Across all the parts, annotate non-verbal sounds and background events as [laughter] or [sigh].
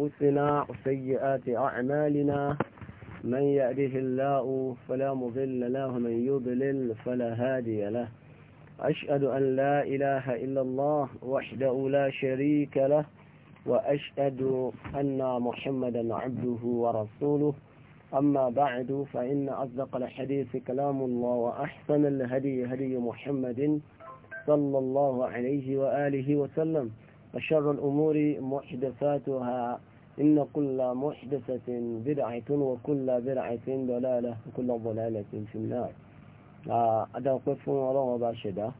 أنفسنا وسيئات أعمالنا من يأده الله فلا مضل له ومن يضلل فلا هادي له أشهد أن لا إله إلا الله وحده لا شريك له وأشهد أن محمدا عبده ورسوله أما بعد فإن أصدق الحديث كلام الله وأحسن الهدي هدي محمد صلى الله عليه وآله وسلم وشر الأمور محدثاتها إن كل محدثة بدعة وكل بدعة ضلالة وكل ضلالة في النار أدعوكم فون الله وباشدة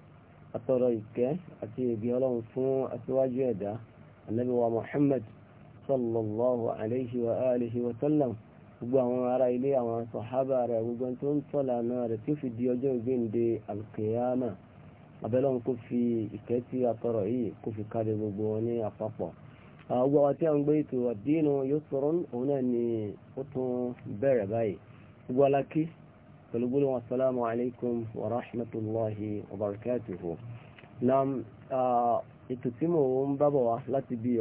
أطريك أتي بيالون فون أتواجدة النبي ومحمد صلى الله عليه وآله وسلم gbogbo àwọn ará ilé àwọn sọ̀hábà rẹ̀ gbogbo tó ń tọ́lá náà rẹ̀ tí ó fi di ọjọ́ ìgbéǹde alkiyama abẹ́lọ́run kó fi ìkẹ́ tí a tọrọ yìí kó fi kárí gbogbo wọn ní àpapọ̀ àwọn àti àwọn gbé ètò àdínú yóò sọ̀rọ̀ òun náà ni ó tún bẹ̀rẹ̀ báyìí gbogbo alákí pẹ̀lú wa rahmatulahi wa barakatuhu na ètò tí mò ń bábọ̀ wá láti bí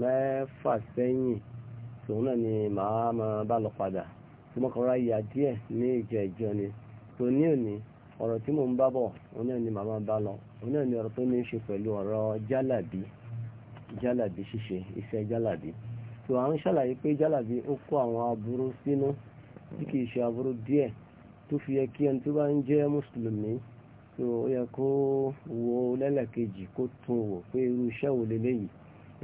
mẹ́fà sẹ́yìn tòun náà ni màá máa bá lọ padà tí mo kọ́ra ni tó ní òní ọ̀rọ̀ tí ń bábọ̀ òun náà ni màá máa bá lọ òun náà ni ọ̀rọ̀ tó ní jálàbí ṣíṣe iṣẹ́ jálàbí tó à ń ṣàlàyé pé jálàbí ó kó àwọn aburú sínú tí kì í ṣe aburú díẹ̀ tó fi yẹ kí ẹni tó bá ń jẹ́ mùsùlùmí tó ó yẹ kó wo lẹ́lẹ̀kejì kó tún wò pé irú iṣẹ́ wo leléyìí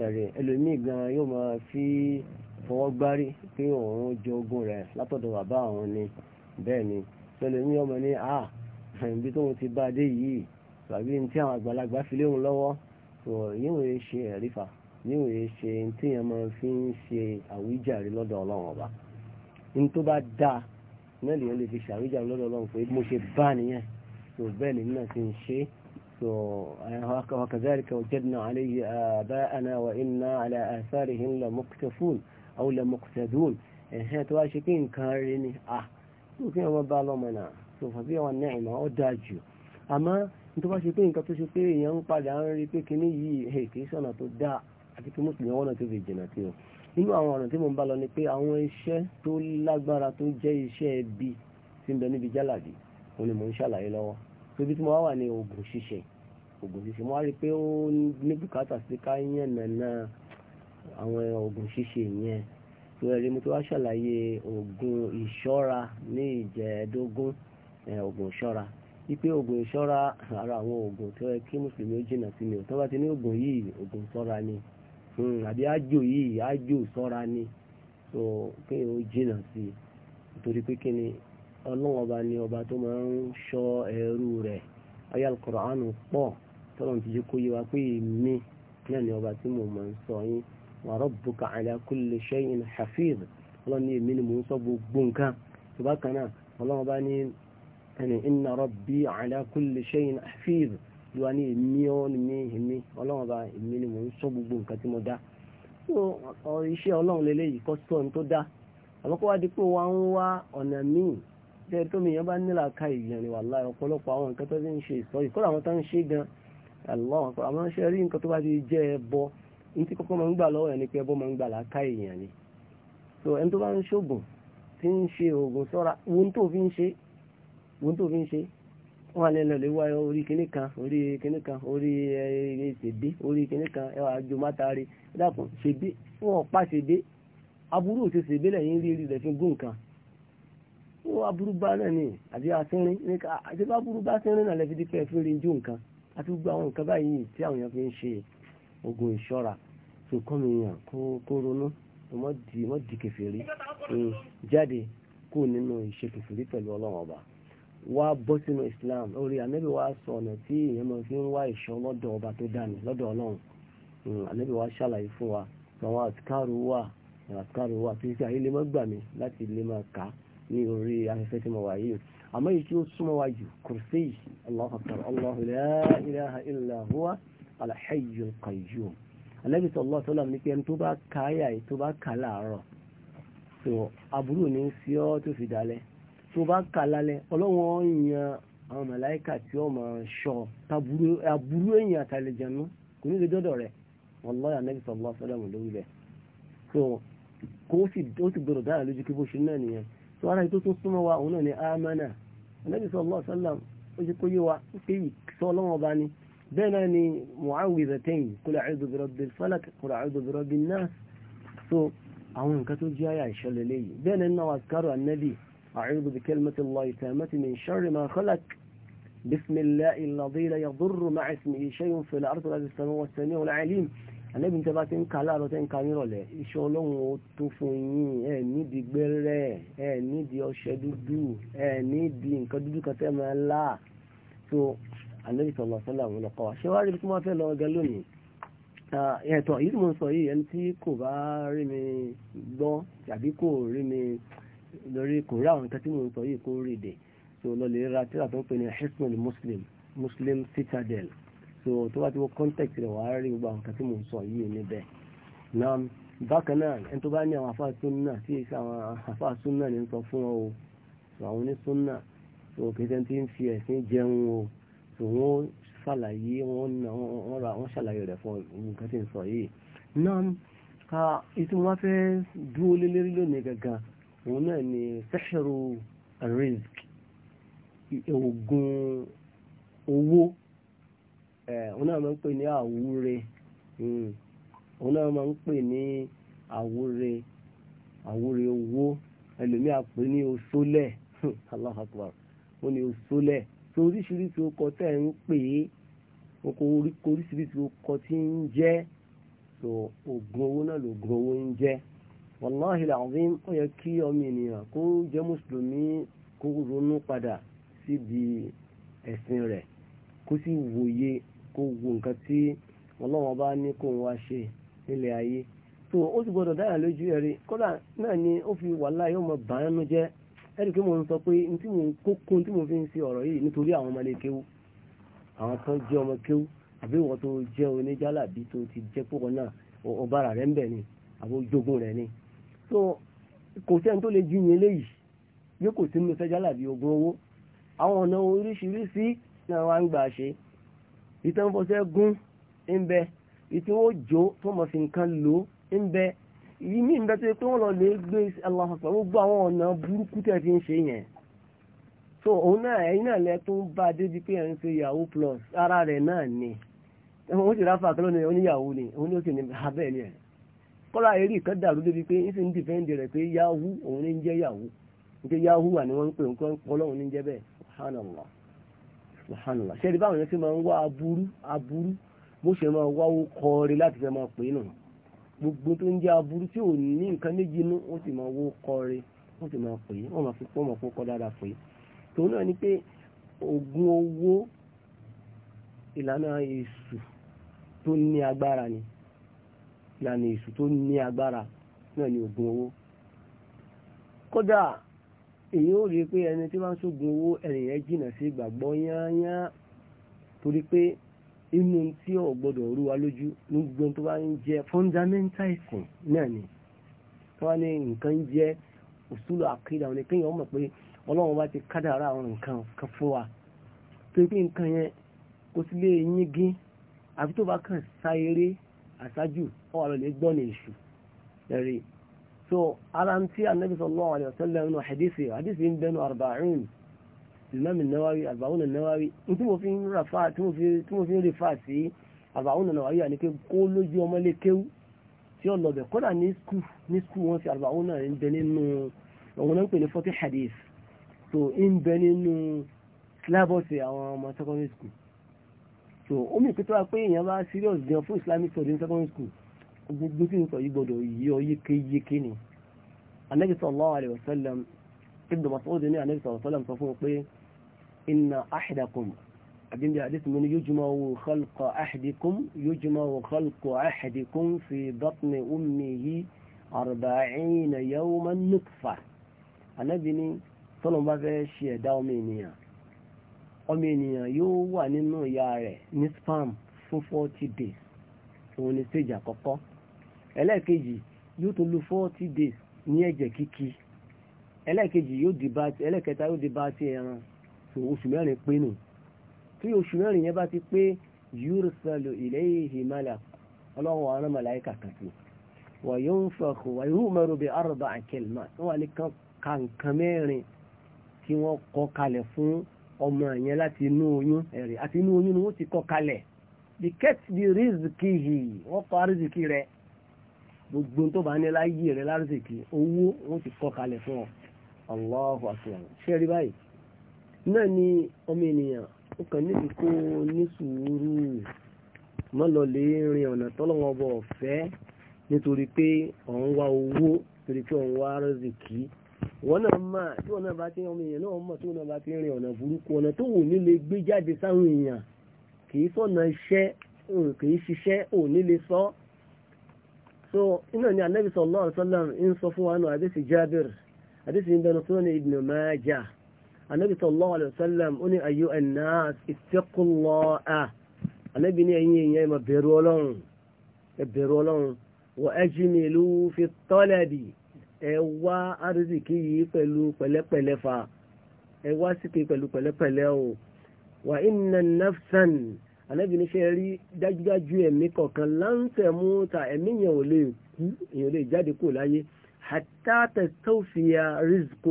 ẹ̀rẹ̀ ẹlòmíì gan yóò máa fi fọwọ́ gbárí pé òun jogún rẹ̀ látọ̀dọ̀ bàbá òun ni bẹ́ẹ̀ ni ẹlòmíì ọmọ ní à ah, ibi tóun ti bá a dé yìí tàbí ní tí àwọn àgbàlagbà fi léwu lọ́wọ́ so yíwèé ṣe ẹ̀rífà yíwèé ṣe tíyẹn máa fi ń ṣe àwíjàre lọ́dọ̀ ọlọ́run ọba ní tó bá dáa náà lèyàn lè fi ṣe àwíjàre lọ́dọ̀ ọlọ́run pé mo ṣe bá nìyẹn so bẹ́ẹ̀ lèmi náà ti ń ṣe so wakadhalika wajadna alayhi aba'ana wa inna ala atharihim lamuqtafun aw lamuqtadun ẹ̀hẹ́ tó wá ṣe pé nǹkan rẹ ni ah tó kí wọ́n bá lọ́mọ náà so fàbí àwọn náà ìmọ̀ ọ́ dáa jù àmọ́ tó bá ṣe pé nǹkan tó ṣe pé èèyàn ń padà ń rí pé kinní yìí ẹ̀ kì í sọ̀nà tó dáa àti kí mùsùlùmí ọ̀nà tó fi jìnà tí o nínú àwọn ọ̀nà tí mo ń bá lọ ni pé àwọn iṣẹ́ tó lágbára tó jẹ́ iṣẹ́ ẹbí tí ń bẹ níbi jálàbí òun ni mò ń ṣàlàyé lọ́wọ́ tóbi tí mo wá wà ní oògùn ṣíṣe oògùn ṣíṣe mo wá rí i pé ó ní bùkátà sí ká yàn nàna àwọn oògùn ṣíṣe yẹn tó ẹ̀rí mo ti wá ṣàlàyé oògùn ìṣọ́ra ní ìjẹ́ẹ̀dógún oògùn ìṣọ́ra ipe ogun ìṣọ́ra ara àwọn ogun tó yẹ kí mùsùlùmí ó jìnnà sí ni tó bá ti ní oògùn yìí oògùn ṣọ́ra ni hmm, àbí ájò yìí ájò ni tó kéèyàn ó jìnnà sí nítorí pé kí ni ọlọ́run ọba ni ọba tó máa ń ẹrú rẹ̀ pọ̀ tọ́lọ́n ti jẹ́ kó ni ọba tí mo máa ń sọ yín ala kulli shay'in hafiz ọlọ́run ni èmi ni mò ń sọ gbogbo nǹkan tó bá kan náà ọlọ́run ẹni inna rabbi ala kulli shay'in hafiz ló wà ní èmi ọ́ ní mi èmi ọlọ́run bá èmi ni mò ń sọ gbogbo nǹkan tí mo dá iṣẹ́ ọlọ́run lélẹ́yìí kọ́ sọ ohun tó dá àmọ́ kó wá di pé wọ́n ń wá ọ̀nà míì tẹ́ tó mi yẹn bá nílà ká ìyẹ̀rìn wà láì ọ̀pọ̀lọpọ̀ àwọn nǹkan tó ti ń ṣe ìsọ̀rí kó làwọn tó ń ṣe gan Allah àmọ́ rí nǹkan tó wọ́n tó fi ń ṣe wọ́n alẹ́ lọ lè wá orí kinní kan orí kinní kan orí eh, ṣèdé orí kinní kan ẹwà àjò mátàrí dákun ṣèdé wọ́n pa ṣèdé aburú òṣè ṣèdé lẹ́yìn rí rí rẹ̀ fi gún nǹkan wọ́n aburú bá náà ni àti asínrín níka àti bá aburú bá sínrín náà lẹ́fi dípẹ́ fi rí ju nǹkan àti gbogbo àwọn nǹkan báyìí tí àwọn èèyàn fi ń ṣe ogun ìṣọ́ra tó kọ́ mi yàn kó ronú wọ́n di kẹfìrí jáde kó nínú ìṣe kẹfìrí pẹ̀lú ọlọ́run ọba wá bọ́ sínú islam orí ànábì wá sọ ọ̀nà tí èèyàn máa fi ń wá ìṣọ́ lọ́dọ̀ ọba tó dání lọ́dọ̀ ọlọ́run hmm, ànábì wá ṣàlàyé fún wa àwọn àtikárò wà àtikárò wà tí sí ayé lè má gbà mí láti lè máa kà á ní orí afẹ́fẹ́ tí mo wà yìí àmọ́ èyí tí ó súnmọ́ wa jù kùrùsí Allahu akbar Allahu la ilaha illa huwa al-hayyul qayyum ànábì sallallahu alaihi wasallam ní pé ẹni tó bá kà á yà tó bá kà á láàárọ̀ tó bá kà lálẹ́ ọlọ́wọ́n yan àwọn màláíkà tí ó máa ṣọ́ aburú èèyàn àtàlẹ̀jẹ̀nu kò ní lè dọ́dọ̀ rẹ̀ wallahi Ànábì sallallahu alaihi wasallam lórí rẹ̀ so kó sì ó sì gbọdọ̀ dára lójú kí bó ṣe náà nìyẹn tó ara ètò tó súnmọ́ wa òun náà ni amana Ànábì sallallahu alaihi wasallam ó ṣe kó yé wa pé ìsọ ọlọ́wọ́n ọba ni bẹ́ẹ̀ náà ni mu'awwidhatayn qul a'udhu bi rabbil so àwọn nǹkan tó jẹ́ àyà ìṣẹ̀lẹ̀ lẹ́yìn bẹ́ẹ̀ náà ni أعوذ بكلمة الله التامة من شر ما خلق بسم الله الذي لا يضر مع اسمه شيء في الأرض ولا في السماء والسميع العليم àlẹ́bí ní tẹ́bá ti ń ka láàárọ̀ tẹ́ ń ka nírọ̀lẹ́ iṣẹ́ ọlọ́run ó tún fún yín ẹ nídìí gbẹ́rẹ́ ẹ nídìí ọṣẹ dúdú ẹ nídìí nǹkan dúdú kan tẹ́ máa là so àlẹ́bí sọ̀rọ̀ sọ́là òun lọ́kọ́ wa ṣé wàá rí ibi tí wọ́n fẹ́ lọ ọgá lónìí ẹ̀tọ́ èyí tí mo sọ yìí ẹni tí kò bá rí mi gbọ́ tàbí kò rí mi lórí kò rí àwọn nǹkan tí mò ń sọ yìí kó rí dè so lọ́lẹ̀ ra tíra tó ń pè ní hisnul muslim muslim citadel so tó bá ti wọ contact rẹ̀ wàá rí gbogbo àwọn nǹkan tí mò ń sọ yìí níbẹ̀ na bákan náà ẹni tó bá ní àwọn afá súnà tí èsì àwọn afá súnà ní sọ fún ọ o àwọn onísúnà so kìí tí ń fi ẹ̀sìn jẹun o so wọ́n ṣàlàyé wọ́n ṣàlàyé rẹ̀ fún nǹkan tí ń sọ yìí náà ìtumọ̀ fẹ́ dúró lé lérí lónìí gangan òun náà ni sẹ́ṣẹ̀rù risk oògùn owó òun náà máa ń pè ní àwúre hmm. òun náà máa ń pè ní àwúre àwúre owó ẹlòmíà pè ní osólẹ̀ hmm, Allahu Akbar ó osólẹ̀ so oríṣiríṣi ọkọ tẹ̀ ń pè é oko oríṣiríṣi tí ń jẹ́ so oògùn owó náà owó ń jẹ́. wàláhì làwọn ó yẹ kí ọmọ ènìyàn kó jẹ́ mùsùlùmí kó ronú padà síbi ẹ̀sìn rẹ̀ kó sì wòye kó wo nǹkan tí ọlọ́wọ́n bá ní kó wá ṣe nílẹ̀ ayé tó ó sì gbọdọ̀ dáyà lójú ẹ̀rí kódà náà ni ó fi wàhálà yóò mọ bàánú jẹ́ ẹ̀rí pé mo ń sọ pé ní tí mo ń kókó tí mo fi ń ṣe ọ̀rọ̀ yìí nítorí àwọn ọmọ kéwú àwọn kan jẹ́ ọmọ kéwú àbí ìwọ tó jẹ́ oníjàlábí tó ti jẹ́ púpọ̀ náà ọba rẹ̀ ń bẹ̀ ni àbójógún rẹ̀ ni so kò sẹ́ni tó lè jiyàn eléyìí yóò kò sínú sẹ́jálàbí ogun owó àwọn ọ̀nà oríṣiríṣi náà wá ń gbà ṣe ìtànfọ́sẹ́ gún ń bẹ ìtí wọ́n jó tó mọ̀ sí nǹkan lò ń bẹ yìí ní ìbẹ́ tó yẹ pé wọ́n lọ lè gbé aláfàfà gbogbo àwọn ọ̀nà burúkú tẹ̀ fi ń ṣe yẹn so òun náà ẹ̀yin náà lẹ tó ń bá a débi pé ẹ̀ ń ṣe yahoo plus ara rẹ̀ náà ni òun sì ráfà kí ló ní oníyàwó ni òun ló sì ní abẹ́ẹ̀lì ẹ̀ kọ́lá eré ìkan dàrú débi pé ń sì ń dìfẹ́ǹdì rẹ̀ pé yahu òun ní ń jẹ́ yahu nítorí yahu wà ní wọ́n ń pè ń kọ́ lọ́hùn ní ń jẹ́ bẹ́ẹ̀ subhanallah subhanallah ṣe é di báwọn yẹn ti máa ń wá aburú aburú bó ṣe máa wáwó kọ́ọ̀rẹ́ láti fẹ́ máa pè é nù gbogbo tó ń jẹ́ aburú tí ò ní nǹkan méjì inú ó sì máa wó kọ́ọ̀rẹ́ ó sì máa pè é wọ́n máa fi pọ́ máa kọ́ dáadáa pè é tòun náà ni pé oògùn owó ìlànà èṣù tó ní agbára ni yàní èṣù tó ní agbára náà ni oògùn owó kódà èyí ó rí i pé ẹni tí wọ́n ń ṣoògùn owó ẹnìyẹn jìnnà sí ìgbàgbọ́ yányán torí pé inú tí ò gbọdọ̀ rú wa lójú ní gbogbo tó bá ń jẹ́ fundamentalism náà ni tó wá ní nǹkan jẹ́ òṣùlù àkídà wọn ni kéèyàn mọ̀ pé ọlọ́run bá ti kádàrá àwọn nǹkan kan fún wa torí pé nǹkan yẹn kò sí lè yín gín àfi tó bá kàn sá eré wọ́n lọ lè gbọ́ ní ìṣù ẹ̀rí so ara ń tí anabi sallallahu alayhi wa sallam nínú hadithi hadithi ń bẹnu arba'un ìmáàmì náwáwí arba'un náwáwí n tí mo fi ń rafa tí mo fi tí mo fi ń rifa sí arba'un náwáwí àni pé kó lójú ọmọ lè kéwú tí ó lọbẹ kódà ní skul ní skul wọn fi arba'un náà ń bẹ nínú òun náà ń pè ní forty hadith so ń bẹ nínú sílábọ̀sì àwọn ọmọ secondary school so omi ìpẹ́tọ́ wa pé èèyàn bá serious gan fún islamic studies secondary school gbogbo tí n sọ yìí gbọdọ̀ yí ọ yékéyéké ni anabi sallallahu alayhi wa sallam ibn Mas'ud ní anabi sallallahu alayhi wa sallam sọ fún un pé inna ahdakum àbíndí àdìsí mi ni yujma'u khalqa ahdikum yujma'u khalqa ahdikum fi batni ummihi arba'ina yawman nutfa anabi ni yóò wà nínú ìyá rẹ̀ fún forty days òun ni stage àkọ́kọ́ ẹlẹ́ẹ̀kejì yóò tó lo forty days ní ẹ̀jẹ̀ kíkí ẹlẹ́ẹ̀kejì yóò di bá ẹlẹ́ẹ̀kẹta yóò di bá ti ẹran tó oṣù mẹ́rin pé nù tí oṣù mẹ́rin yẹn bá ti pé yursalu ilayhi malak ọlọ́run àwọn màláíkà kan sí wa yunfakhu wa yu'maru bi arba'i kalimat wọ́n wà ní kankan mẹ́rin tí wọ́n kọ kalẹ̀ fún ọmọ yẹn láti inú oyún ẹ̀rí àti inú oyún ni wọ́n ti kọ kalẹ̀ bí kẹ́tì bí rìzìkì yìí wọ́n kọ rìzìkì rẹ̀ gbogbo tó bá ní láyé rẹ lárúsìkì owó wọn ti kọ kalẹ̀ fún ọ Allahu akbar ṣé rí báyìí náà ni ọmọ ènìyàn ó kàn níbi kó ní sùúrù má lọ lè rin ọ̀nà tọ́lọ́wọ́ bọ̀ ọ̀fẹ́ nítorí pé òun wá owó torí pé òun wá rárúsìkì wọn náà mà tí wọn náà bá ti ọmọ èèyàn náà mọ̀ tí wọn náà bá ti rin ọ̀nà burúkú ọ̀nà tó wù ní lè gbé jáde sáwọn èèyàn kì í sọ̀nà iṣẹ́ kì í ṣiṣẹ́ òní lè sọ so iná ni anabi sallallahu alaihi wasallam ń sọ fún wa nù àdìsí Jabir àdìsí ìbẹnu tó ní Ibn Majah anabi sallallahu alaihi wasallam ó ní ayu an-nas ittaqullaha anabi ní ẹ̀yin èèyàn ẹ máa bẹ̀rù Ọlọ́run ẹ bẹ̀rù Ọlọ́run wa ajmilu fi talabi ẹ wá àrísìkí yìí pẹ̀lú pẹ̀lẹ́pẹ̀lẹ́ fa ẹ wá síkì pẹ̀lú pẹ̀lẹ́pẹ̀lẹ́ o wa inna nafsan ànábì ní ṣe rí dájúdájú ẹ̀mí kọ̀ọ̀kan láǹtẹ̀ mú ta ẹ̀mí yẹn ò lè kú èèyàn lè jáde kó láyé tó fi ya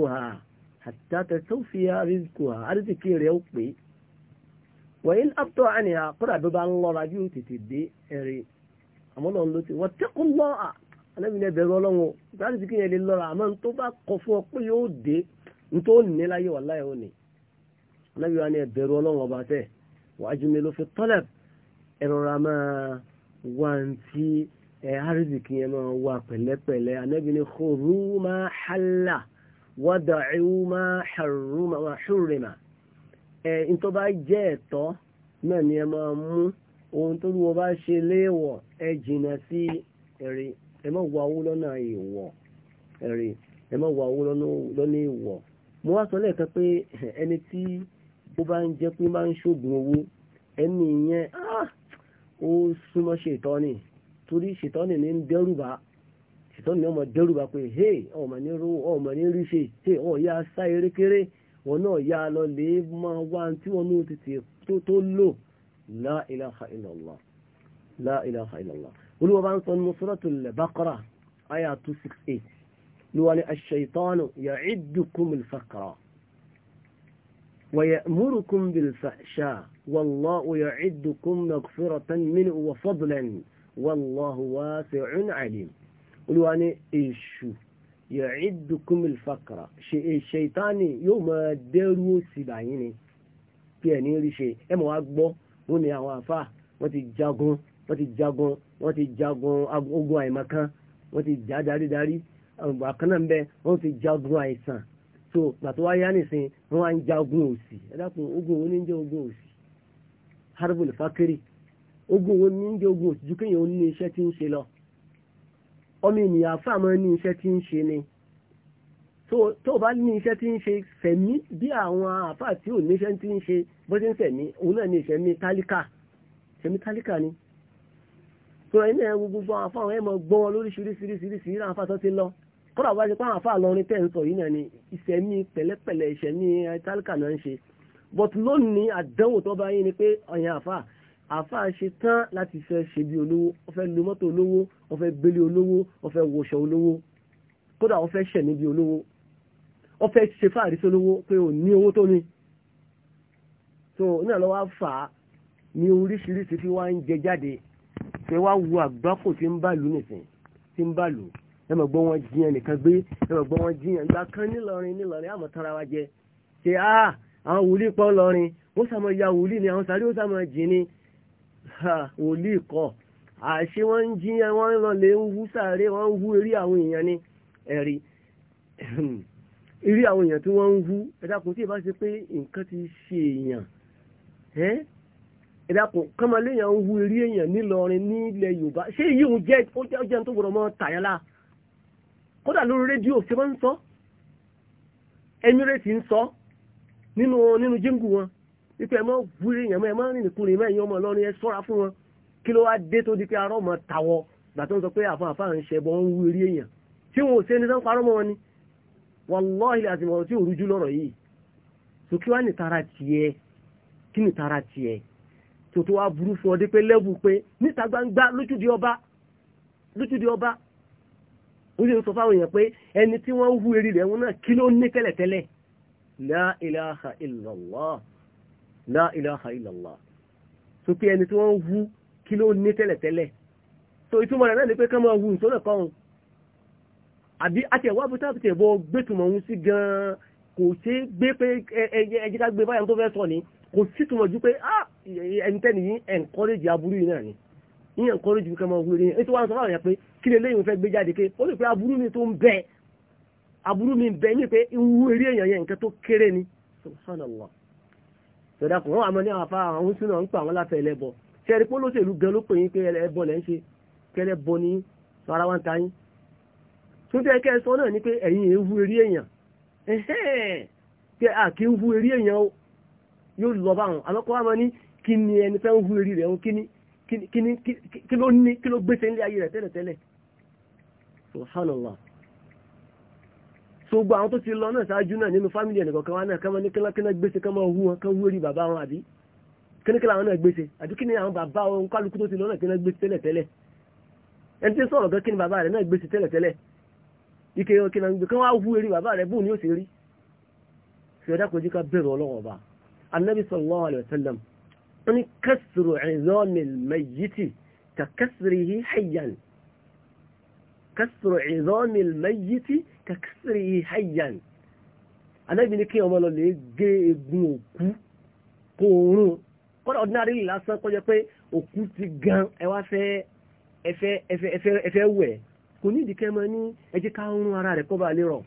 ha hàtàtẹ̀ tó fi ha rẹ̀ ó pè é àpótọ́ bí bá ń lọ́ra bí ó tètè dé ló ti wọ́n tẹ́kùn lọ́ à yẹn lè lọ́ra àmọ́ n tó bá kọ fún ọ pé yóò dé n tó ní láyé wà òní wàájúmélò fi tọ́lẹ̀ ẹ̀rọra máa wá ń tí ẹ̀ áríbìkì yẹn máa wà pẹ̀lẹ́pẹ̀lẹ́ anábì ní khudhu ma halla wada'u ma hurrima ẹ̀ ń tó bá jẹ́ ẹ̀tọ́ náà ni ẹ máa mú ohun tó lúwọ bá ṣe léèwọ̀ ẹ jìnà sí ẹ̀rí ẹ má wá owó lọ́nà ìwọ̀ ẹ̀rí ẹ má wá owó lọ́nà ìwọ̀ mo wá sọ lẹ́ẹ̀kan pé ẹni tí ó bá ń jẹ́ pé máa ń ṣògùn owó ẹni ìyẹn ah, ó súnmọ́ ṣètọ́ni torí ṣètọ́ni ní ń dẹ́rùbà ṣètọ́ni ọmọ dẹ́rùbà pé hey ọmọ ní rú ọmọ ní rí ṣe hey ọ̀ ya sá erékeré wọn náà ya lọ lè máa wá tí wọn ní tètè tó lò la ilaha olúwa bá ń sọ nínú suratul Baqara aya 268 ló wà ní ash-shaytanu ya'idukumul faqra. ويأمركم بالفحشاء والله يعدكم مغفرة منه وفضلا والله واسع عليم قلوا أنا إيشو يعدكم الفقر الشيطان يوم ديرو سبعيني كياني rí ṣe ẹ mọ̀ wá gbọ́ wọn ni àwọn àfà wọn ti jagun wọn ti jagun wọn ti jagun ogun àìmọ̀kan wọn ti jà dáridárí àkànnà ń bẹ wọn ti jagun àìsàn so gbàtọ́ wáyé ánìsìn wọ́n á ń ja ogun òsì ẹ̀dàkùn ogun òun ní jẹ́ ogun òsì harbul fakiri ogun òun ní jẹ́ ogun òsì ju kéèyàn ní iṣẹ́ tí ń ṣe lọ ọmọ ènìyàn àfàmọ́ ní iṣẹ́ tí ń ṣe ni tó bá ní iṣẹ́ tí ń ṣe fẹ̀mí bí àwọn àfà tí ò níṣẹ́ tí ń ṣe bó ti ń fẹ̀mí òun náà ní ìṣẹ̀mí tálíkà ìṣẹ̀mí tálíkà ni tó ẹni ẹ̀ gbogbo àfà àwọn ẹ̀ mọ̀ gbọ́ wọn kódà bá ṣe pé àwọn àfa àlọrin tẹ́ ń sọ yìí náà ni ìṣẹ̀mí pẹ̀lẹ́pẹ̀lẹ́ ìṣẹ̀mí tálíkà náà ń ṣe but lónìí àdánwò tó bá yín ni pé ọ̀yàn àfa àfa ṣe tán láti fẹ́ ṣe bí olówó ó fẹ́ lu mọ́tò olówó ó fẹ́ gbélé olówó ó fẹ́ wọṣọ olówó kódà ó ṣẹ̀ níbi olówó ó ṣe fáàrí olówó pé ò ní owó tó ní so náà lọ́wọ́ fà á ní oríṣiríṣi fi wá ń jẹ jáde ṣe wá wu àgbákò tí ń bá nìsín tí ń bá ẹ mọ̀ gbọ́ wọn jiyàn nìkan gbé ẹ mọ̀ gbọ́ wọn jiyàn ìgbà kan nílọrin nílọrin àmọ́ tara wa jẹ ṣe á àwọn wòlíì pọ̀ lọrin wọ́n sàmọ̀ ya wòlíì ni àwọn sàrí ó sàmọ̀ jì ni wòlíì kọ̀ àṣé wọ́n ń jiyàn wọ́n ń lọ lè ń wú sàárè wọ́n ń wú eré àwọn èèyàn ni ẹ̀rí [clears throat] eré àwọn èèyàn tí wọ́n ń wú ẹ dákun tí ì bá ṣe pé nǹkan ti ṣe èèyàn ẹ dákun ń wú eré èèyàn nílọrin nílẹ̀ Yorùbá ṣé èyí òun jẹ́ ó jẹ́ tó gbọdọ̀ mọ́ tàyálà kódà lórí rédíò ṣe bá ń sọ Emirates ń sọ nínú nínú jíngù wọn wípé ẹ mọ wúrí yẹn mọ ẹ mọ rìn nìkúrin mọ ẹyin ọmọ Ìlọrin ẹ ṣọ́ra fún wọn kí ló wá dé tó di pé arọ ọmọ tàwọ gbà tó ń sọ pé àfọn àfáà ń ṣe ẹbọ ń wú eré èèyàn tí wọn ò ṣe ní sọ parọ́ mọ́ wọn ni wàláhì àti mọ̀rọ̀ tí òrújú lọ́rọ̀ yìí tó kí wá ní tiẹ̀ kí ní tiẹ̀ tó tó wá burú fún ọdẹ pé lẹ́bù pé níta gbangba lójúdi ọba lójúdi ọba ó sì sọ fáwọn èèyàn pé ẹni tí wọ́n ń hu eré rẹ̀ wọn náà kí ló ní tẹ́lẹ̀tẹ́lẹ̀ la ilaha illallah la ilaha illallah so pé ẹni tí wọ́n ń hu kí ló ní tẹ́lẹ̀tẹ́lẹ̀ so ìtumọ̀ rẹ̀ náà ni pé ká máa hu ìtọ́nà kan àbí àtẹ̀wá bí táàbù tẹ̀ bọ́ gbẹ́tùmọ̀ òun sí gan-an kò ṣe gbé pé ẹjẹ́ ká gbé báyà tó fẹ́ sọ ni kò sí tùmọ̀ ju pé ah, ẹni tẹ́ni yìí encourage aburú yìí náà ni yíyan kọ́ lójú kẹ́ máa wúre yẹn ètò wa ń sọ fáwọn yẹn pé kí lè léyìn fẹ́ gbé jáde pé ó lè pé aburú mi tó ń bẹ aburú mi bẹ ní pé ìwú eré èèyàn yẹn nǹkan tó kéré ni subhanallah tọ́dà kò wọ́n àmọ́ ní àwọn afá àwọn sínú ń pa àwọn láfẹ́ ẹlẹ́bọ ṣẹ́ẹ́rì pé olóṣèlú gan ló pè yín pé ẹlẹ́bọ lẹ́ ń ṣe kẹ́lẹ́ bọ ní ara wa ń ta yín tó tẹ́ kẹ́ sọ náà ni pé ẹ̀yin èé wú eré èèyàn pé a kì ń wú eré èèyàn yóò lọ bá àlọ́kọ́ wa máa ní kí ni ẹni fẹ́ ń wú eré rẹ̀ ń kí ni kí ló ní kí ló gbèsè ńlẹ̀ ayé rẹ̀ tẹ́lẹ̀tẹ́lẹ̀ subhanallah sogbo àwọn tó ti lọ náà ṣáájú náà nínú fámìlì ẹnìkọ̀ọ̀kan wa náà kí wọ́n ní kílákíná gbèsè kí wọ́n hú wọn kí wọ́n rí bàbá wọn àbí kíníkílá àwọn náà gbèsè àbí kí ni àwọn bàbá wọn kálukú tó ti lọ náà kí wọ́n gbèsè tẹ́lẹ̀tẹ́lẹ̀ ẹni tí sọ̀rọ̀ gan kí ni bàbá rẹ̀ náà gbèsè tẹ́lẹ̀tẹ́lẹ̀ ike wọn kí ni gbé kí wọ́n á eré bàbá rẹ̀ bóun ni ó sì rí fi ọ̀dà kojú ká bẹ̀rù ọlọ́wọ́ ọba anabi sallallahu alayhi wa sallam wọ́n ní kásìrò ìzọ́mì mẹ́yìtì ka kásìrìhì hayyan kásìrò ìzọ́mì mẹ́yìtì ka kásìrìhì hayyan anábì ní kí ọmọ lọ lè gé egun òkú kó oorun kọ́dà ordinary lásán kó jẹ́ pé òkú ti gan ẹ wá fẹ́ ẹfẹ́ ẹfẹ́ ẹfẹ́ ẹfẹ́ wẹ̀ kò ní ìdíkẹ́ mọ́ ní ẹjẹ́ ká oorun ara rẹ̀ kó bá lè rọ̀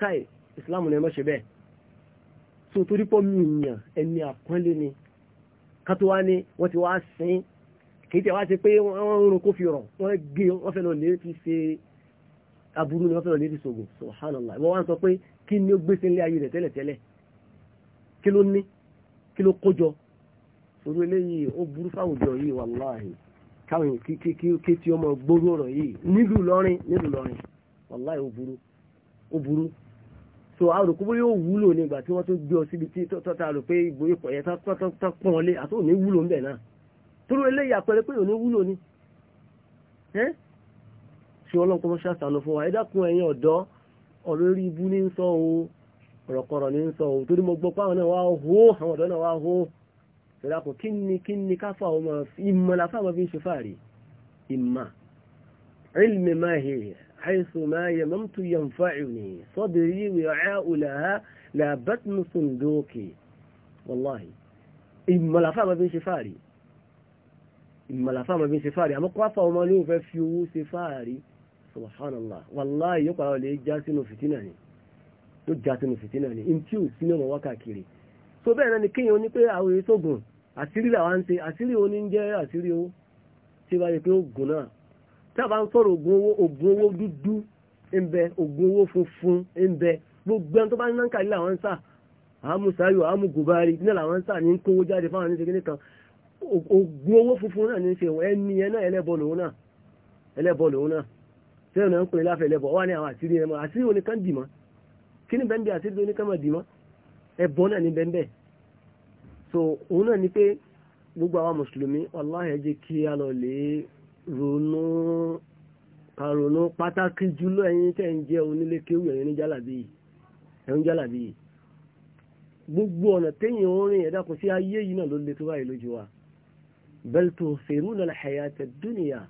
káì ìsìlámù ni ẹ mọ́ ṣe bẹ́ẹ̀ so torí pọ́ mi ìyàn ẹni àpọ́nlé ni kan tó wá ní wọ́n ti wá sin kì í tẹ̀ wá sí pé wọ́n rún kó fi rọ̀ wọ́n gé wọ́n fẹ́ lọ lè fi ṣe aburú ni wọ́n fẹ́ lọ lè fi ṣògùn subhanallah wọ́n wá ń sọ pé kí ni ó gbé sí ilé ayé rẹ̀ tẹ́lẹ̀tẹ́lẹ̀ kí ló ní kí ló kójọ orú eléyìí ó burú fáwùjọ yìí wàláhì káwọn kí tí ọmọ gbóró ọ̀rọ̀ yìí nílùú lọ́rin nílùú lọ́rin wàláhì ó burú ó burú so a rò kó bóyá ó wúlò ní ìgbà tí wọ́n tó gbé ọ síbi tí tọ́ta rò pé ìbò ipò yẹn tán pọ́n lé àtó ní wúlò ń bẹ̀ náà tó ló eléyìí àpẹẹrẹ pé òní wúlò ni ẹ́ ṣe ọlọ́nkọ́ mọ́ ṣàṣàánú fún wa ẹ dákun ẹ̀yin ọ̀dọ́ ọ̀rọ̀ orí ibú ní ń sọ o ọ̀rọ̀kọ̀rọ̀ ní ń sọ o torí mo gbọ́ pé àwọn náà wá ilmi máa حيث ما يممت ينفعني صدري وعاء لها لا بطن صندوقي والله ìmọ̀láfà máa fi ń ṣe fáàrí ìmọ̀láfà máa fi ń ṣe fáàrí àmọ́ kọ́fà ọmọ ní òun fẹ́ fi owó ṣe fáàrí subhanallah wàláì yóò pàrọ̀ lè já sínú fìtínà ni yóò já sínú fìtínà ni in tí ò sí náà wákàkiri so bẹ́ẹ̀ náà ni kéèyàn ní pé àwọn èyí tó gùn àṣírí làwa ń ṣe àṣírí òní ń tábà ń sọ̀rọ̀ ògùn owó ògùn owó dúdú ń bẹ ògùn owó funfun ń bẹ gbogbo ẹni tó bá ní náà ń n làwọn ń sà àmú sáyò àmú gòbárì ní àwọn ń sà ní kówó jáde fáwọn ní ṣèkínní funfun náà ní ṣe ẹni ẹ náà lòun náà lòun náà sẹ́yìn náà ń pè láfẹ̀ wà ní àwọn àṣírí àṣírí oníkan dì mọ́ kí ni so ronú karùnú pàtàkì jùlọ ẹ̀yin tẹ́ ń jẹ́ onílé kéwù ẹ̀yin ní jálàbí ẹ̀yin jálàbí gbogbo ọ̀nà téyìn orin ẹ̀dá kò sí ayé yìí náà ló lè tó báyìí lójú wa bal tu'thiruna al-hayata ad-dunya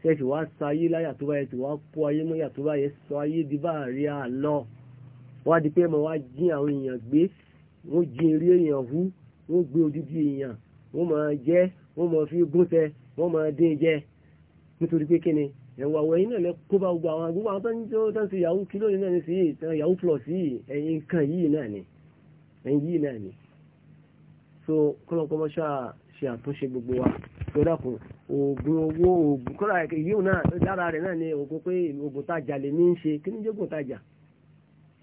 ṣe ti wá sa ayé láyà tó báyìí ti wá kó ayé mọ́yà tó báyìí sọ ayé di bá rí a lọ wá di pé mo wá jí àwọn èèyàn gbé wọ́n jí eré èèyàn hú wọ́n gbé odidi èèyàn wọ́n máa jẹ wọ́n máa fi gúnṣẹ́ wọ́n máa dín jẹ nítorí pé kí ni ẹ̀wọ̀ àwọn ẹ̀yìn náà lẹ kó bá gbogbo àwọn agbóhùn àwọn tó ń jọ tó ń ṣe yahoo kí lónìí náà ní sí yahoo plus yìí ẹ̀yìn nǹkan yìí náà ni ẹ̀yìn yìí náà ni so kọ́lọ́kọ́mọ́ ṣáà ṣe àtúnṣe gbogbo wa tó dákun oògùn owó oògùn kọ́lá yíò náà lára rẹ̀ náà ni oògùn pé oògùn tajà lè ní í ṣe kí ní jẹ́ oògùn tajà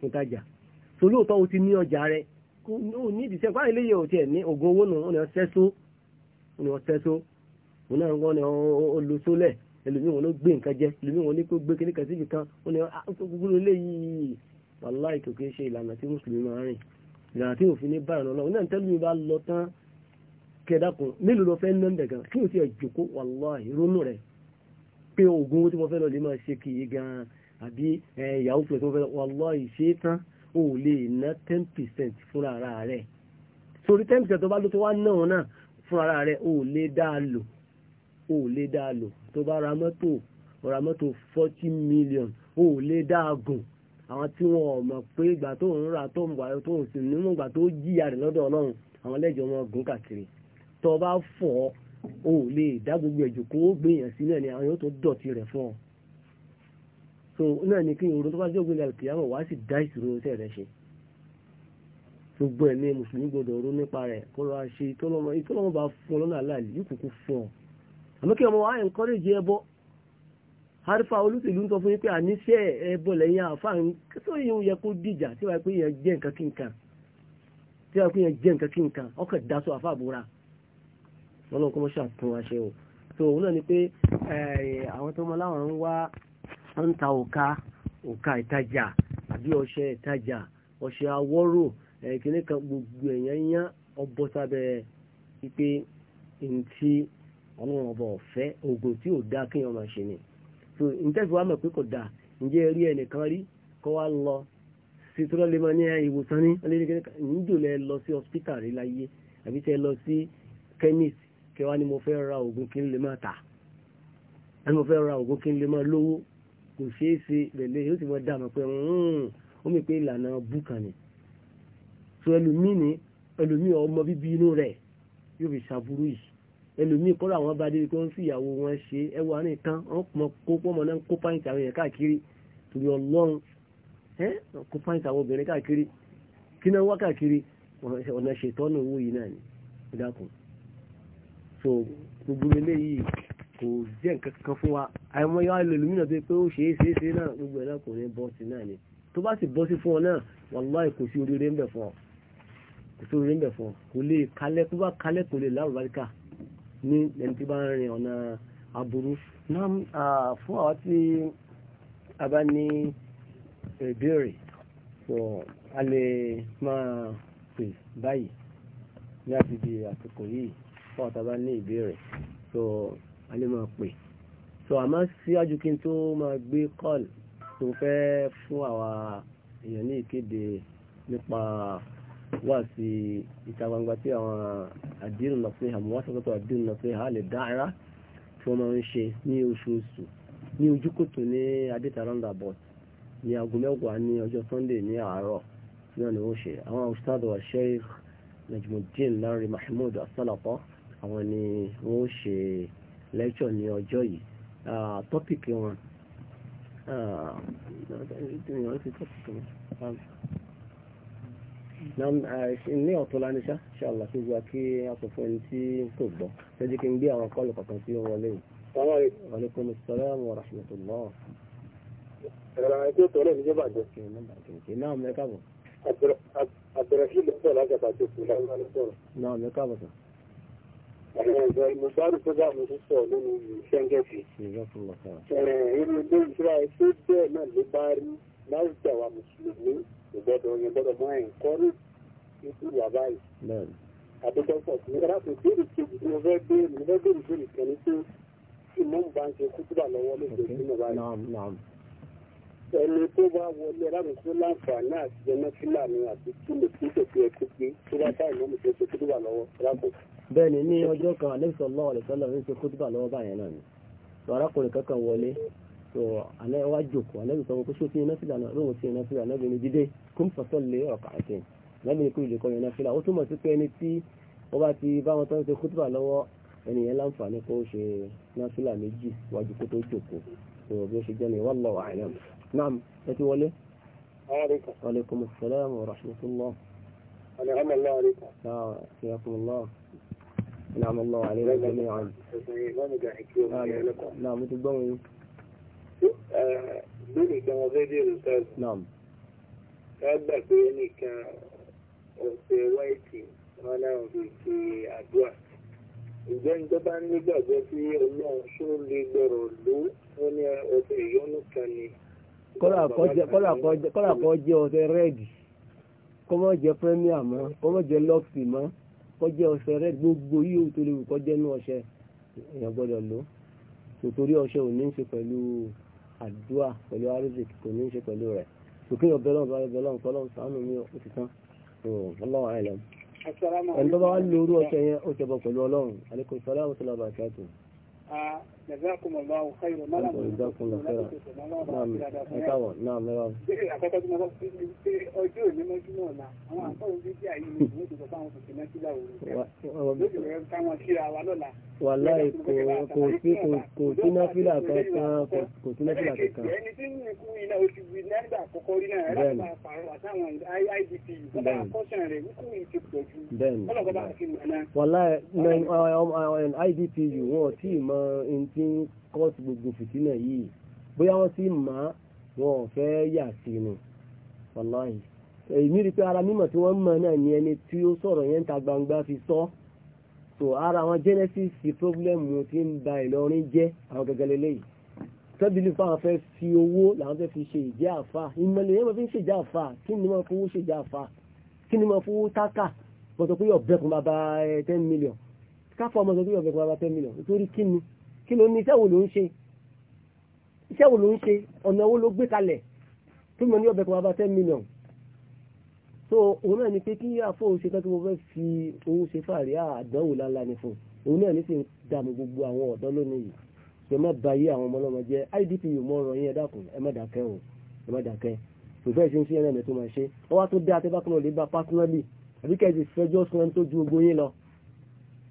oògùn tajà so lóòótọ́ o ti ní ọjà rẹ̀ ó ní ìdíṣẹ́ fáwọn eléyìí ò tiẹ̀ ní oògùn owó nù ó ní ọ̀sẹ́ só ó ní ọ̀sẹ́ só òun náà ń gbọ́ ní olùsólẹ̀ ẹlòmíì wọn ló gbé nǹkan jẹ ẹlòmíì wọn ní kó gbé kíníkan síbi kan wọn ni ah, gbogbo eléyìí wàláì kò kí ń ṣe ìlànà tí mùsùlùmí máa rìn ìlànà tí òfin ní báyìí lọ́wọ́ náà tẹ́lú mi bá lọ tán kẹdàkùn mélòó lọ fẹ́ ná bẹ̀ gan kí o ti ẹ̀ jòkó wàláì ronú rẹ̀ pé oògùn tí wọ́n fẹ́ lọ lè máa ṣe kì í gan àbí ìyàwó pẹ̀lú tí wọ́n fẹ́ lọ wàláì ṣe é tán o ò lè ná ten percent fúnra ara rẹ̀ sórí ten percent tó bá ló tó wá náà náà fúnra ara rẹ̀ o ò lè dá a lò o ò lè dá a lò tó bá ra mọ́tò ra mọ́tò forty million ó lè dáàgùn àwọn tí wọn mọ̀ pé ìgbà tó ń ra tó ń wà tó ń sìn nínú ìgbà tó jìyà rẹ̀ lọ́dọ̀ ọlọ́run àwọn lẹ́jọ́ wọn gùn kàkiri tó bá fọ́ ó lè dá gbogbo ẹ̀jọ̀ kó o gbìyàn sí náà ni àwọn yóò tó dọ̀tí rẹ̀ fún ọ. so náà ni kí n ronú tó bá jẹ́ ògbìn lẹ́yìn kìyàmọ̀ wá sì dá ìṣòro tẹ̀ rẹ̀ ṣe. gbogbo ẹ̀ ní mùsùlùmí gbọdọ̀ ronú nípa rẹ̀ kó lọ́ọ́ ṣe ìtọ́lọ́mọ bá fún ọ lọ́nà aláàlú yóò kúkú fún ọ àmọ́ kí ọmọ wa encourage ẹbọ harifa olóṣèlú ń sọ fún yín pé àníṣe ẹbọ lẹ́yìn àfáàn tó yín yẹ kó dìjà tí wàá pé yẹn jẹ́ nǹkan kí nǹkan tí wàá pé yẹn jẹ́ nǹkan kí nǹkan ọkọ̀ daṣọ àfa àbúrà wọn lọ́n kọ́ mọ́ ṣàtún wa ṣe o tó òun náà ni pé eh, àwọn tó mọ láwọn ń wá ń ta òka òka ìtajà àbí ọṣẹ ìtajà ọṣẹ awọ́rò ẹ̀kíní eh, kan gbogbo ẹ̀yàn yán ọbọ̀ sábẹ́ ipe ntí ọlọ́run ọba ọ̀fẹ́ ogun tí ò dá kí ọmọ ṣe ni so ìtẹ́sí wa mọ̀ pé kò dáa ǹjẹ́ rí ẹnìkan rí kọ́ wa lọ sí tó lọ́lẹ́ máa ní ìwòsàn ní níjò lẹ lọ sí hospital rí láyé àbí tẹ lọ sí chemist kẹ wá ní mo fẹ́ ra oògùn kí n lè máa tà àbí mo fẹ́ ra oògùn kí n lè máa lówó kò ṣeé ṣe lẹ́lẹ́ yóò ti mọ dá mọ̀ pé hmm, ó mi pé ìlànà búkan ni so ẹlòmíì ni ẹlòmíì ọmọ bíbí inú rẹ̀ yóò fi ṣàbúrú yìí ẹlòmíì kọ́ àwọn bá dé pé wọ́n fi ìyàwó wọn ṣe ẹwà ní ìtàn wọ́n mọ kó pọ́nmọ́ náà kó pàǹtì àwọn èèyàn káàkiri torí ọlọ́run ẹ́ kó pàǹtì àwọn obìnrin káàkiri kí náà wá káàkiri ọ̀nà ṣètọ́nù owó yìí náà ni ìdákun so gbogbo eléyìí kò jẹ́ nǹkan kan fún wa àìmọ́ yọ ẹlòmíì náà pé ó ṣe é ṣe é ṣe náà gbogbo ẹ̀ náà kò ní bọ́ọ̀sì náà ni tó bá sì bọ́ọ̀sì sí fún ọ kò sí ní ẹni tí bá ń rin ọ̀nà aburú fún àwọn tí a bá ní e, ìbéèrè so a lè máa pè báyìí ní àti di àsìkò yìí fún àwọn tí a bá ní ìbéèrè so a lè máa pè so àmọ́ síwájú kí n tó máa gbé call tó fẹ́ fún àwa èèyàn ní ìkéde nípa wá sí ìta gbangba tí àwọn àdínù nàfíhà mọ́ sọ́kọ́tọ̀ àdínù nàfíhà lè dára tí wọ́n máa ń ṣe ní oṣooṣù ní ojúkòtò ní adéta roundabout ní aago ní ọjọ́ sunday ní àárọ̀ náà ni wọ́n ṣe àwọn ustad wa sheikh najmuddin Larry mahmood asalapa àwọn ni wọ́n ṣe lecture ní ọjọ́ yìí tọ́pìkì wọn. Eh, ní ọ̀tọ́lá ní ṣáṣàlá tó gba kí a sọ fún ẹni tí kò gbọ́ lẹ́jí kí n gbé àwọn kọlù kọ̀kan tí ó wọlé yìí. Aleykum salaam wa rahmatullah. Ẹ̀rọ ẹjọ́ tọ́lẹ̀ ní jẹ́bà jẹ́. Náà mẹ́ka bọ̀. Àbẹ̀rẹ̀fí ló sọ̀rọ̀ àjàbà tó kù láwọn sọ̀rọ̀. Náà mẹ́ka bọ̀ sọ. Mo gbádùn tó dáàmú tó sọ lónìí ìlú Ṣẹ́ńgẹ́fì. Ẹ̀rẹ̀ ìlú ilé ìṣúra ẹ̀ tó bẹ́ẹ̀ náà ló bá rí láwùjọ àwa Mùsùlùmí kò gbọ́dọ̀ yẹn gbọ́dọ̀ mọ́ ẹ̀ńkọ́rù ètò ìwà báyìí. àdúgbò pọ̀ sí ní káràkùn béèrè kejì tí mo fẹ́ béèrè mo fẹ́ béèrè béèrè kan ní pé tí mo ń bá ń ṣe kútúbà lọ́wọ́ lójoojúmọ́ báyìí. ẹni tó bá wọlé aláàbòsí láǹfààní àti ẹnà fúlàní àti kíni kí tòkí ẹ kúkí tó bá bá ìmọ̀ mi ṣe ṣe kútúbà lọ́wọ́ káràkùn. bẹ́ẹ̀ni ní ọjọ́ kan alẹ́ sọ̀lọ́ ọ̀rẹ́ sọ́lọ́ tó àná wá jòkó ànábì sọ pé ṣókí iná fìlà náà lóhùn sí iná fìlà ànábì ní dídé kún fọ́tọ́ lé ọ̀kà àti ànábì ní kúrò lè kọ́ iná fìlà ó túmọ̀ sí pé ẹni tí wọ́n bá ti bá wọn tán ṣe kútùbà lọ́wọ́ ẹnìyẹn láǹfààní kó ṣe iná fìlà méjì wájú kó tó jòkó tó bí ó ṣe jẹ́ ni wallahu a'lam naam ẹ ti wọlé. aleykum salaam wa rahmatulah. aleykum salaam. aleykum salaam. نعم الله عليكم جميعا. نعم تبغون lórí kan wọ́n fẹ́ bèèrè sáàbù ká gbà pé ẹnìkan ọ̀sẹ̀ wáìtì wọn láwọn fi ṣe àdúrà ǹjẹ́ nígbà bá nígbàgbọ́ sí ọlọ́run ṣó lè gbọ́rọ̀ ló wọ́n ní ọ̀sẹ̀ ìyọ́nú kan ni. kọ́lá kọ́ jẹ́ ọ̀sẹ̀ rẹ́ẹ̀dì kọ́mọ́ jẹ́ premier mọ́ kọ́mọ́ jẹ́ lọ́ọ̀sì mọ́ kọ́jẹ́ ọ̀sẹ̀ rẹ gbogbo yóò tó lè wù kọ́jẹ́ nú ọ̀sẹ̀ èèyàn gbọ́dọ̀ lò tòtórí ọ̀sẹ̀ ò ní í ṣe pẹ̀lú àdúrà pẹ̀lú arizik kò ní í ṣe pẹ̀lú rẹ̀ òkè ọbẹ̀ lọ́wọ́ bá ẹbẹ̀ lọ́wọ́ kọ́lọ́wọ́ sànù mi ó ti tán ọlọ́wọ́ àìlẹ̀ ẹni tó bá wà lórí ọ̀tẹ̀ yẹn ó ti pẹ̀lú ọlọ́run àlékún sọlá jazakumullahu khairan náà ọjọ́ òní mọ́júmọ́ ọ̀la àwọn àkọ́rùn bíbí àyè ni ìwé ìdìbò fáwọn òṣèlú mẹ́tílá òru lójú rẹ̀ káwọn síra wa lọ́la. wàhálà kò kò sí kò sí náfìlà tí ń kọ́sì gbogbo fìtínà yìí bóyá wọ́n ti mọ̀ á wọn ò fẹ́ yà sí ni wàláhì èmi rí i pé ara mímọ̀ tí wọ́n mọ̀ náà ni ẹni tí ó sọ̀rọ̀ yẹn ta gbangba fi sọ so ara wọn genesis problem ti ń ba Ìlọrin jẹ́ àwọn gẹ́gẹ́ lélẹ́yìí tẹ́bìlì fáwọn fẹ́ fi owó làwọn fẹ́ fi ṣe ìjẹ́ àfà ìmọ̀lẹ̀ yẹn fi ń ṣe ìjẹ́ àfà kí ni wọ́n fowó ṣe ìjẹ́ àfà kí ni wọ́n fowó tákà bọ́tọ̀ pé ọ̀bẹ̀kùn bàbá eh, ten million káfọ́ ọmọ tó pé ọ̀bẹ̀kùn bàbá ten million nítorí kí ni kí ló ní iṣẹ́ wo ló ń ṣe iṣẹ́ wo ló ń ṣe ọ̀nà wo ló gbé kalẹ̀ tó mọ̀ ní ọbẹ̀ kan bá ten million so òun náà ni pé kí àfọwọ́ ṣe tán kí mo fẹ́ fi owó ṣe fàárẹ̀ àdánwò lálá ni fún òun náà ní sì ń dààmú gbogbo àwọn ọ̀dọ́ lónìí yìí ṣe má ba yé àwọn ọmọ ọlọ́mọ jẹ́ idp yìí mọ ọ̀rọ̀ yín ẹ dákun ẹ má dákẹ́ o ẹ má dákẹ́ ṣùgbọ́n ẹ ṣe ń ṣe ẹ̀rẹ́ tó máa ṣe wọ́n wá tó dé àti bákan náà lè bá pásínálì àbí kẹ́ẹ̀sì fẹjọ́ sun ẹni tó ju ogun yín lọ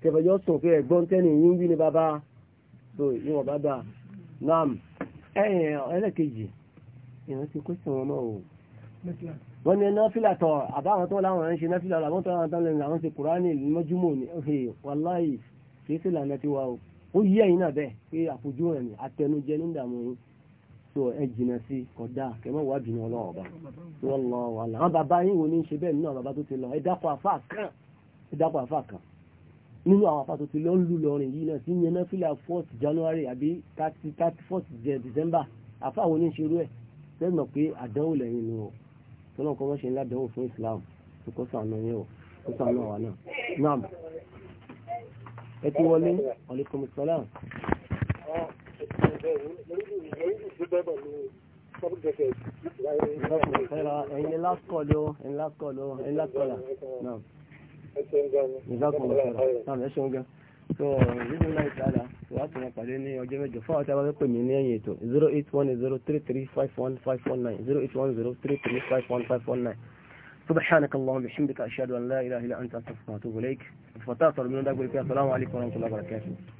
kẹfẹjọ́ sùn pé ẹ̀gbọ́n yín wí ni bàbá so ìwọ̀n bàbá nam ẹ̀yìn ẹlẹ́kejì ìran ti kọ́sì wọn náà o wọ́n ní náfìlà tọ̀ àbáwọn tó láwọn ń ṣe náfìlà làwọn tó láwọn tó lẹ́nu làwọn ṣe kùránì lójúmọ́ ni wàláì kìí sí lànà tiwa o ó yí ẹ̀yin náà bẹ́ẹ̀ pé àfojú rẹ̀ ni atẹnujẹ ní ìdààmú yín tó ẹ jìnà sí kódà kẹmọ́ wàá bìnú ọlọ́wọ́ bá wọ́n lọ wà nínú àwọn àpàtó ti lọ ń lù lọrin yìí náà sí yẹn náà fílà fourth january àbí thirty thirty first december àfáwọn oníṣirú ẹ̀ sẹ́nu pé àdánwò lẹ́yìn nu ọ̀ tọ́lọ́ nǹkan wọ́n ṣe ńlá àdánwò fún islam tó kọ́ sànù yẹn o kó sànù àwa náà naam ẹ ti wọlé alaikum salaam. ẹ̀yin last call o ẹ̀yin last call o ẹ̀yin last call náà ẹ̀ṣẹ̀ ń gan so nínú náà ìtàlá wà tún wọn pàdé ní ọjọ́ mẹ́jọ fún àwọn tí a bá fẹ́ pè mí ní ẹ̀yìn ètò zero eight one zero three three five one five one nine zero eight one zero three three five one five one nine subhanaka allahumma bihamdika ashhadu an la ilaha illa anta astaghfiruka wa atubu ilaik fataha sọ̀rọ̀ mi ló dágbére pé assalamu alaikum wa